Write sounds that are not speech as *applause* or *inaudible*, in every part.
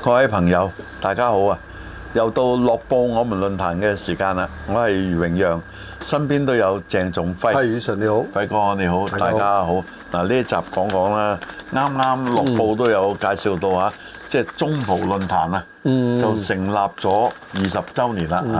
各位朋友，大家好啊！又到樂報我們論壇嘅時間啦。我係余榮讓，身邊都有鄭仲輝。閆宇晨你好，輝哥你好，輝哥好，大家好。嗱，呢一集講講啦。啱啱樂報都有介紹到啊、嗯，即係中葡論壇啊，就成立咗二十週年啦嚇。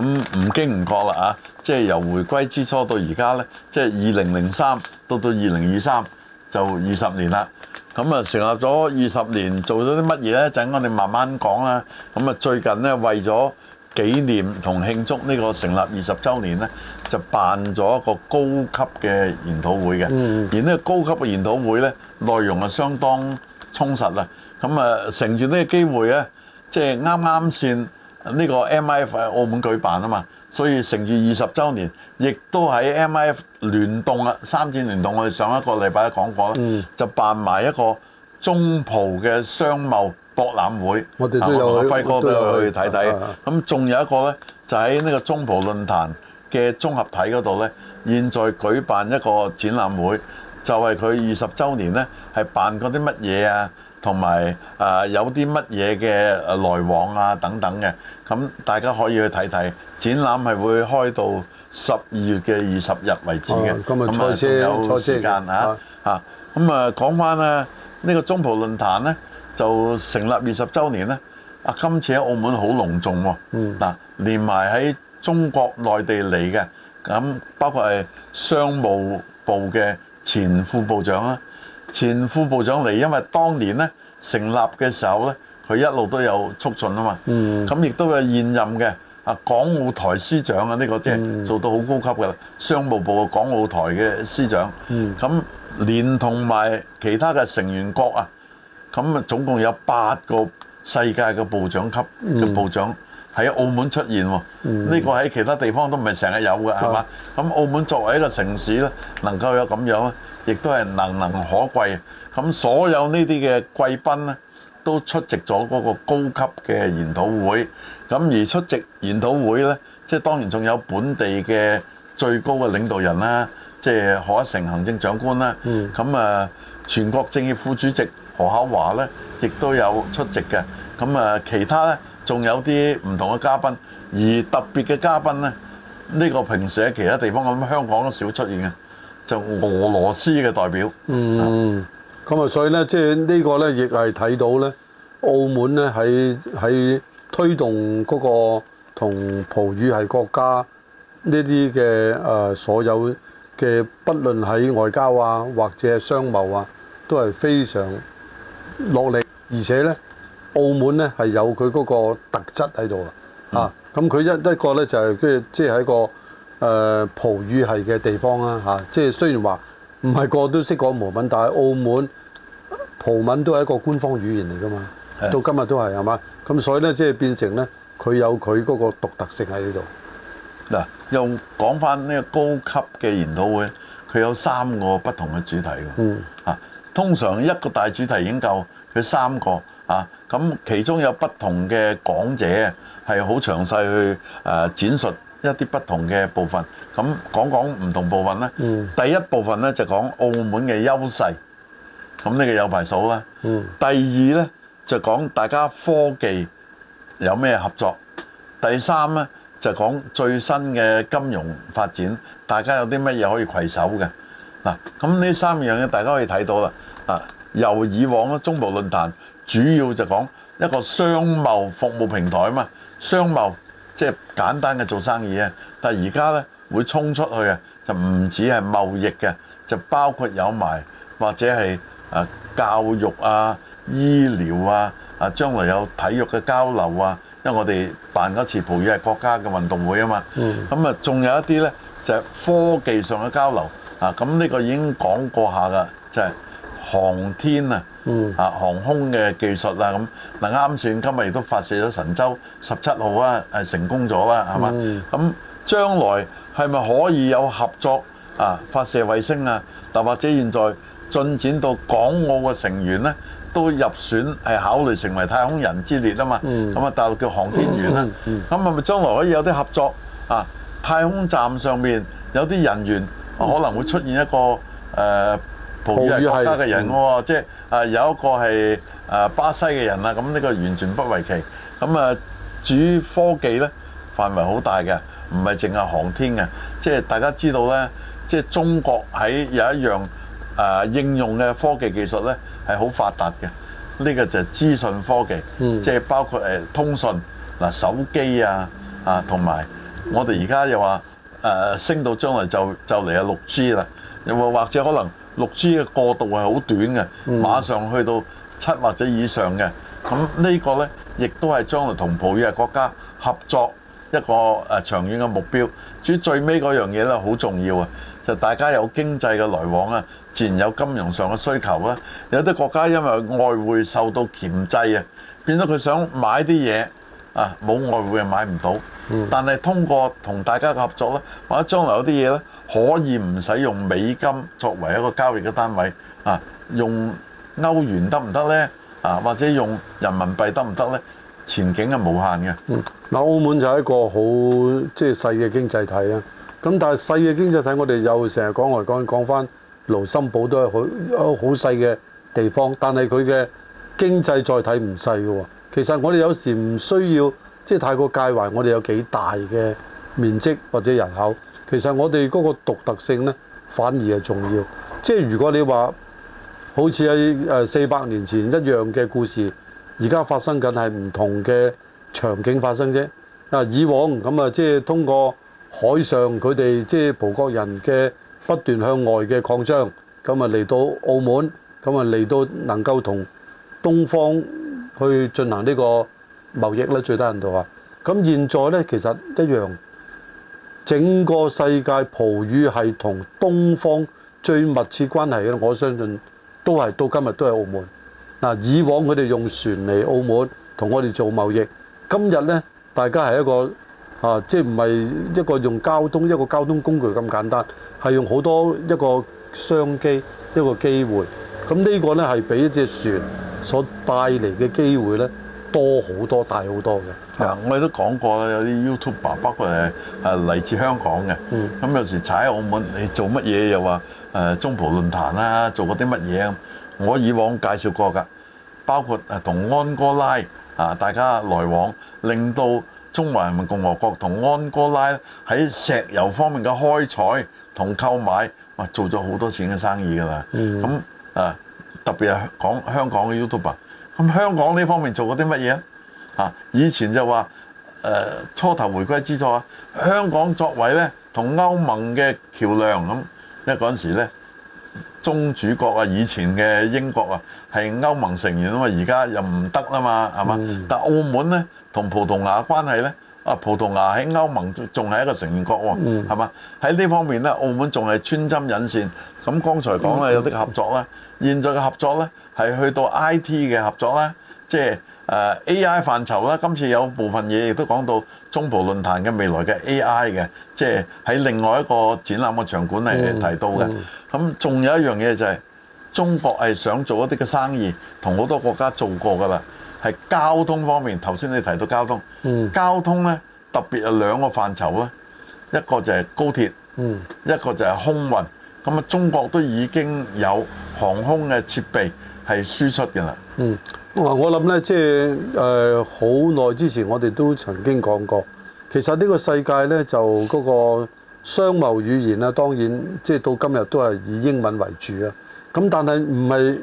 咁、嗯、唔、啊、經唔覺啦嚇，即係由回歸之初到而家呢，即係二零零三到到二零二三就二十年啦。咁啊，成立咗二十年，做咗啲乜嘢咧？就等我哋慢慢講啦。咁啊，最近咧為咗紀念同慶祝呢個成立二十周年咧，就辦咗一個高級嘅研討會嘅、嗯。而呢個高級嘅研討會咧，內容啊相當充實啊。咁啊，乘住呢個機會咧，即係啱啱先呢個 MIF 喺澳門舉辦啊嘛，所以乘住二十周年。亦都喺 MIF 聯動啊，三展聯動，我哋上一個禮拜講過啦，就辦埋一個中葡嘅商貿博覽會，我同阿輝哥都要去睇睇。咁仲有一個呢，就喺呢個中葡論壇嘅綜合體嗰度呢，現在舉辦一個展覽會，就係佢二十週年呢，係辦嗰啲乜嘢啊，同埋啊有啲乜嘢嘅來往啊等等嘅，咁大家可以去睇睇。展覽係會開到十二月嘅二十日為止嘅，咁啊仲有時間嚇嚇。咁啊講翻啊呢個中葡論壇呢就成立二十週年呢。啊今次喺澳門好隆重喎，嗱連埋喺中國內地嚟嘅，咁包括係商務部嘅前副部長啦，前副部長嚟，因為當年呢成立嘅時候呢，佢一路都有促進啊嘛，嗯咁亦都有現任嘅。啊，港澳台司長啊，呢、這個即係做到好高級嘅啦、嗯，商務部嘅港澳台嘅司長。咁、嗯、連同埋其他嘅成員國啊，咁啊總共有八個世界嘅部長級嘅部長喺澳門出現呢、嗯這個喺其他地方都唔係成日有嘅，係、嗯、嘛？咁澳門作為一個城市咧，能夠有咁樣，亦都係難能可貴。咁所有呢啲嘅貴賓咧，都出席咗嗰個高級嘅研討會，咁而出席研討會呢，即係當然仲有本地嘅最高嘅領導人啦，即係賀一誠行政長官啦，咁啊全國政協副主席何厚鏵呢，亦都有出席嘅，咁啊其他呢，仲有啲唔同嘅嘉賓，而特別嘅嘉賓呢，呢個平時喺其他地方咁香港都少出現嘅，就俄羅斯嘅代表。嗯，嗯。咁啊，所以咧，即係呢個咧，亦係睇到咧，澳門咧喺喺推動嗰個同葡語系國家呢啲嘅誒所有嘅，不論喺外交啊，或者係商貿啊，都係非常落力，而且咧，澳門咧係有佢嗰個特質喺度啊！嚇，咁佢一一個咧就係即係即係喺個誒葡語系嘅地方啦吓，即係雖然話。唔係個個都識講葡文，但係澳門葡文都係一個官方語言嚟噶嘛，到今日都係係嘛，咁所以咧，即係變成咧，佢有佢嗰個獨特性喺呢度。嗱，又講返呢個高級嘅研討會，佢有三個不同嘅主題㗎。嗯。啊，通常一個大主題已經夠，佢三個啊，咁其中有不同嘅講者係好詳細去誒、啊、展述。一啲不同嘅部分，咁講講唔同部分咧。嗯，第一部分咧就講澳門嘅優勢，咁呢個有排數啦。嗯，第二咧就講大家科技有咩合作。第三咧就講最新嘅金融發展，大家有啲乜嘢可以攜手嘅嗱。咁呢三樣嘢大家可以睇到啦。嗱，由以往嘅中葡論壇主要就講一個商貿服務平台啊嘛，商貿。即係簡單嘅做生意咧，但係而家咧會衝出去啊，就唔止係貿易嘅，就包括有埋或者係啊教育啊、醫療啊啊，將來有體育嘅交流啊，因為我哋辦嗰次葡語系國家嘅運動會啊嘛，咁啊仲有一啲咧就係科技上嘅交流啊，咁呢個已經講過一下噶，就係。航天啊，啊、嗯、航空嘅技術啊咁嗱啱算今日亦都發射咗神舟十七號啊，係成功咗啦，係嘛？咁、嗯、將來係咪可以有合作啊？發射衛星啊？嗱或者現在進展到港澳嘅成員咧都入選係考慮成為太空人之列啊嘛？咁、嗯、啊大陸叫航天員啦、啊，咁係咪將來可以有啲合作啊？太空站上面有啲人員、嗯、可能會出現一個誒？呃葡萄牙國家嘅人喎、哦嗯，即係啊有一個係啊巴西嘅人啦，咁呢個完全不為奇。咁啊，至於科技咧，範圍好大嘅，唔係淨係航天嘅，即係大家知道咧，即係中國喺有一樣啊應用嘅科技技術咧係好發達嘅。呢個就係資訊科技，即係包括誒通訊嗱、啊、手機啊啊同埋我哋而家又話誒、啊、升到將來就就嚟係六 G 啦，又或或者可能。六 G 嘅過渡係好短嘅，馬上去到七或者以上嘅。咁呢個呢，亦都係將來同葡語國家合作一個誒長遠嘅目標。至於最尾嗰樣嘢咧，好重要啊，就是、大家有經濟嘅來往啊，自然有金融上嘅需求啊。有啲國家因為外匯受到鉗制啊，變咗佢想買啲嘢啊，冇外匯啊買唔到。但係通過同大家嘅合作呢，或者將來有啲嘢呢。可以唔使用，用美金作為一個交易嘅單位啊？用歐元得唔得咧？啊，或者用人民幣得唔得咧？前景係無限嘅。嗯，嗱，澳門就係一個好即係細嘅經濟體啊。咁但係細嘅經濟體我哋又成日講，我來講講講翻，盧森堡都係好好細嘅地方，但係佢嘅經濟再睇唔細嘅。其實我哋有時唔需要即係太過介懷，我哋有幾大嘅面積或者人口。其實我哋嗰個獨特性呢，反而係重要。即係如果你話好似喺誒四百年前一樣嘅故事，而家發生緊係唔同嘅場景發生啫。啊，以往咁啊，即係通過海上佢哋即係葡國人嘅不斷向外嘅擴張，咁啊嚟到澳門，咁啊嚟到能夠同東方去進行呢個貿易咧，最多人都話。咁現在呢，其實一樣。整個世界葡語係同東方最密切關係嘅，我相信都係到今日都係澳門。嗱、啊，以往佢哋用船嚟澳門同我哋做貿易，今日呢，大家係一個啊，即係唔係一個用交通一個交通工具咁簡單，係用好多一個商機一個機會。咁呢個呢，係俾一隻船所帶嚟嘅機會呢。多好多大好多嘅、啊，我哋都講過啦，有啲 YouTuber 包括係係嚟自香港嘅，咁、嗯、有時踩澳門，你做乜嘢又話、呃、中葡論壇啊，做過啲乜嘢？我以往介紹過㗎，包括誒同安哥拉啊，大家來往，令到中華人民共和國同安哥拉喺石油方面嘅開採同購買，哇，做咗好多錢嘅生意㗎啦，咁、嗯啊、特別係講香港嘅 YouTuber。咁香港呢方面做過啲乜嘢啊？以前就話誒、呃、初頭回歸之初，啊，香港作為呢同歐盟嘅橋梁咁，因為嗰陣時咧宗主國啊，以前嘅英國啊係歐盟成員啊嘛，而家又唔得啦嘛，係嘛？但澳門呢，同葡萄牙嘅關係咧，啊葡萄牙喺歐盟仲係一個成員國喎、啊，係嘛、嗯？喺呢方面呢，澳門仲係穿針引線。咁剛才講啦，有啲合作呢。現在嘅合作咧，係去到 IT 嘅合作啦，即係誒 AI 範疇啦。今次有部分嘢亦都講到中葡論壇嘅未來嘅 AI 嘅，即係喺另外一個展覽嘅場館嚟提到嘅。咁仲有一樣嘢就係中國係想做一啲嘅生意，同好多國家做過㗎啦。係交通方面，頭先你提到交通，交通咧特別係兩個範疇啦，一個就係高鐵，嗯，一個就係空運。咁啊，中國都已經有。航空嘅設備係輸出嘅啦。嗯，我我諗咧，即係誒好耐之前，我哋都曾經講過。其實呢個世界呢，就嗰個商貿語言啊，當然即係、就是、到今日都係以英文為主啊。咁但係唔係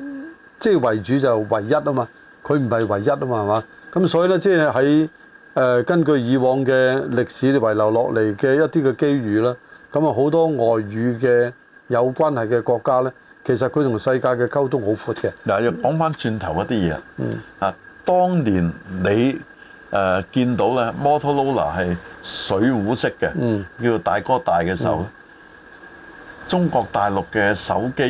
即係為主就唯一啊嘛？佢唔係唯一啊嘛，係嘛？咁所以呢，即係喺誒根據以往嘅歷史遺留落嚟嘅一啲嘅機遇啦。咁啊好多外語嘅有關係嘅國家呢。其實佢同世界嘅溝通好闊嘅。嗱，要講返轉頭嗰啲嘢。嗯。啊，當年你誒見到咧，摩托羅拉係水壺式嘅，叫做大哥大嘅時候咧，中國大陸嘅手機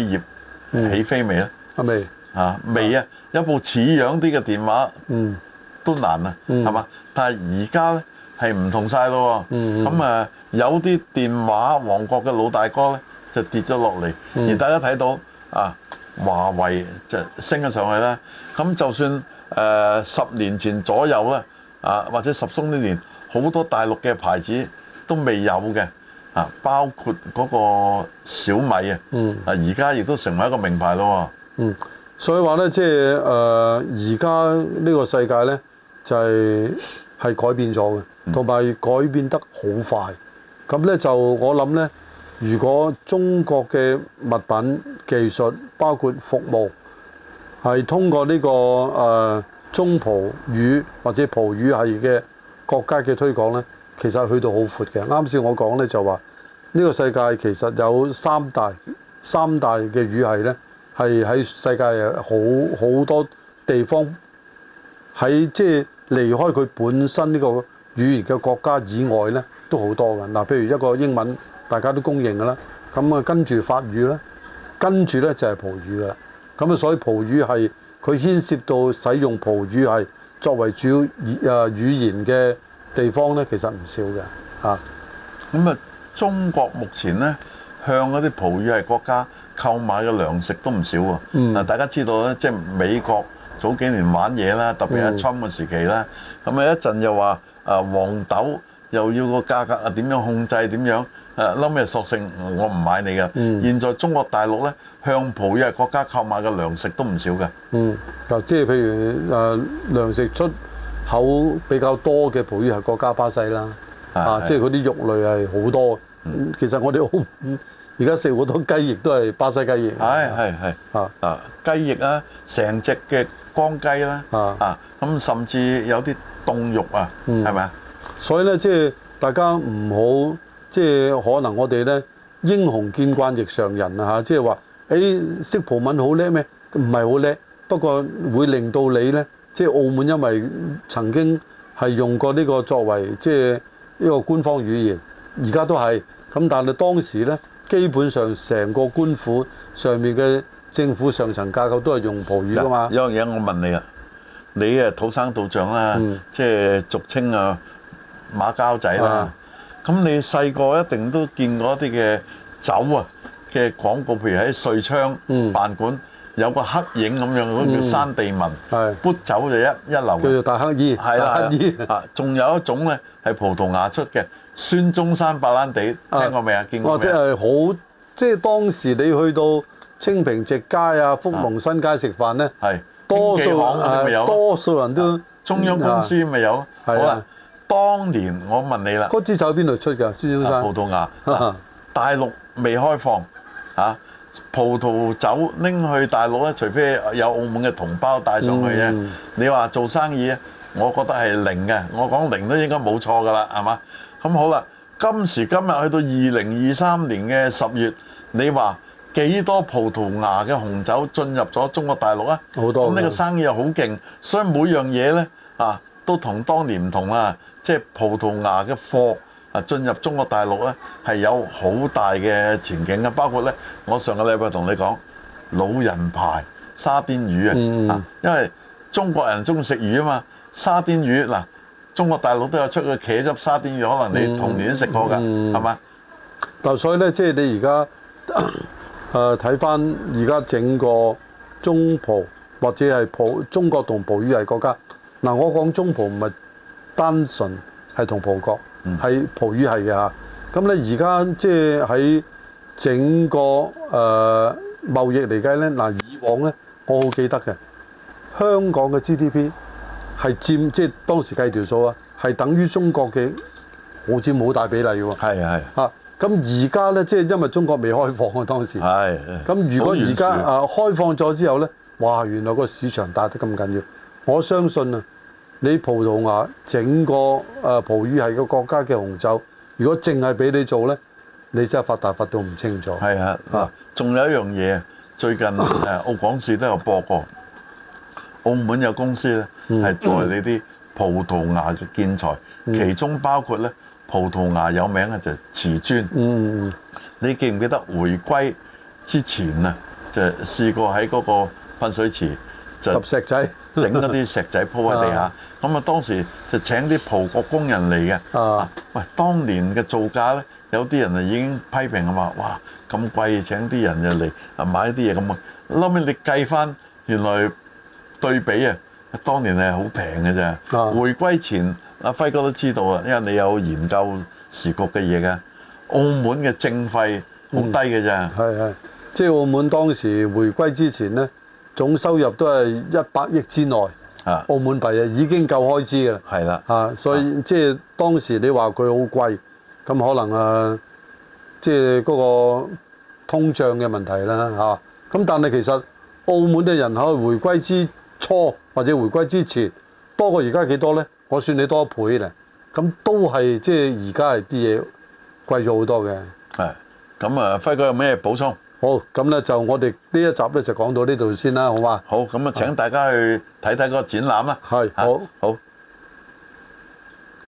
業起飛未咧？啊未。嚇未啊！一部似樣啲嘅電話，嗯，都難啊，係嘛？但係而家咧係唔同曬咯喎。嗯。咁啊，有啲電話王國嘅老大哥咧。就跌咗落嚟，而大家睇到、嗯、啊，華為就升咗上去啦。咁就算誒、呃、十年前左右咧，啊或者十宗呢年，好多大陸嘅牌子都未有嘅啊，包括嗰個小米啊，嗯，啊而家亦都成為一個名牌咯。嗯，所以話咧，即係誒而家呢個世界咧，就係、係、係改變咗嘅，同、嗯、埋改變得好快。咁咧就我諗咧。如果中國嘅物品、技術，包括服務，係通過呢、這個誒、呃、中葡語或者葡語系嘅國家嘅推廣呢，其實去到好闊嘅。啱先我講呢，就話，呢個世界其實有三大、三大嘅語系呢，係喺世界好好多地方喺即係離開佢本身呢個語言嘅國家以外呢，都好多嘅。嗱，譬如一個英文。大家都公認嘅啦，咁啊跟住法語啦，跟住咧就係葡語啦。咁啊，所以葡語係佢牽涉到使用葡語係作為主要語啊語言嘅地方咧，其實唔少嘅嚇。咁啊、嗯，嗯嗯、中國目前咧向嗰啲葡語系國家購買嘅糧食都唔少喎。嗱，大家知道咧，即係美國早幾年玩嘢啦，特別係侵嘅時期啦，咁啊一陣又話啊黃豆又要個價格啊點樣控制點樣？誒冧嘅索性我唔買你㗎。現在中國大陸咧，向葡語係國家購買嘅糧食都唔少嘅。嗯，就即係譬如誒糧食出口比較多嘅葡語係國家巴西啦。啊，即係嗰啲肉類係好多。嗯，其實我哋好，而家食好多雞翼都係巴西雞翼。係係係啊啊！雞翼啊，成隻嘅光雞啦啊，咁甚至有啲凍肉啊，係咪啊？所以咧，即係大家唔好。即係可能我哋咧英雄見慣亦常人啊嚇！即係話誒識葡文好叻咩？唔係好叻，不過會令到你咧，即係澳門因為曾經係用過呢個作為即係呢個官方語言，而家都係咁。但係當時咧，基本上成個官府上面嘅政府上層架構都係用葡語噶嘛。有樣嘢我問你，你道、嗯就是、啊，你啊土生土長啊，即係俗稱啊馬交仔啦。咁你細個一定都見過一啲嘅酒啊嘅廣告，譬如喺瑞昌辦館、嗯、有個黑影咁樣，嗰個叫山地文，砵酒就一一流嘅，叫做大黑衣，大黑衣。啊，仲有一種咧係葡萄牙出嘅孫中山白蘭地，聽過未啊？見過未？即係好，即、啊、係、啊啊就是就是、當時你去到清平直街啊、福隆新街食飯咧，係多數、啊、多數人都中央公司咪有，嗯啊、好啦。當年我問你啦，嗰支酒喺邊度出嘅？支支都係葡萄牙，大陸未開放啊！ *laughs* 葡萄酒拎去大陸咧，除非有澳門嘅同胞帶上去嘅、嗯。你話做生意啊？我覺得係零嘅。我講零都應該冇錯噶啦，係嘛？咁好啦，今時今日去到二零二三年嘅十月，你話幾多葡萄牙嘅紅酒進入咗中國大陸啊？好多，咁呢個生意又好勁，所以每樣嘢咧啊，都同當年唔同啦。即係葡萄牙嘅貨啊，進入中國大陸咧係有好大嘅前景嘅，包括咧，我上個禮拜同你講老人牌沙甸魚啊，啊，因為中國人中意食魚啊嘛，沙甸魚嗱，中國大陸都有出過茄汁沙甸魚，可能你童年食過㗎，係、嗯、嘛、嗯？但所以咧，即係你而家誒睇翻而家整個中葡或者係葡中國同葡語系國家，嗱，我講中葡唔係。單純係同葡國係、嗯、葡語系嘅嚇，咁咧而家即係喺整個誒貿、呃、易嚟計咧，嗱以往咧我好記得嘅，香港嘅 GDP 係佔即係當時計條數啊，係等於中國嘅好似冇大比例喎、啊。係啊咁而家咧，即係、就是、因為中國未開放啊，當時。係。咁如果而家啊開放咗之後咧，哇！原來個市場大得咁緊要，我相信啊。你葡萄牙整個啊葡語係個國家嘅紅酒，如果淨係俾你做咧，你真係發達發到唔清楚。係啊，啊，仲有一樣嘢，最近誒澳廣視都有播過，澳門有公司咧係代理啲葡萄牙嘅建材，其中包括咧葡萄牙有名嘅就係瓷磚。嗯，你記唔記得回歸之前啊，就試過喺嗰個噴水池就揼石仔。整嗰啲石仔鋪喺地下，咁 *laughs* 啊當時就請啲葡國工人嚟嘅。 *laughs* 啊，喂，當年嘅造價咧，有啲人啊已經批評啊話，哇咁貴請啲人又嚟啊買啲嘢咁啊。後尾你計翻原來對比啊，當年係好平嘅咋。回歸前阿輝哥都知道啊，因為你有研究時局嘅嘢㗎。澳門嘅政費好低嘅咋，嗯。係係，即係澳門當時回歸之前咧。總收入都係一百億之內，啊，澳門幣啊，已經夠開支㗎啦。係啦，啊，所以即係當時你話佢好貴，咁可能啊，即係嗰個通脹嘅問題啦，嚇、啊。咁但係其實澳門嘅人口回歸之初或者回歸之前多過而家幾多咧？我算你多一倍咧。咁都係即係而家係啲嘢貴咗好多嘅。係、啊，咁啊輝哥有咩補充？好，咁呢就我哋呢一集呢就講到呢度先啦，好嘛？好，咁就請大家去睇睇個展覽啦。係，好好。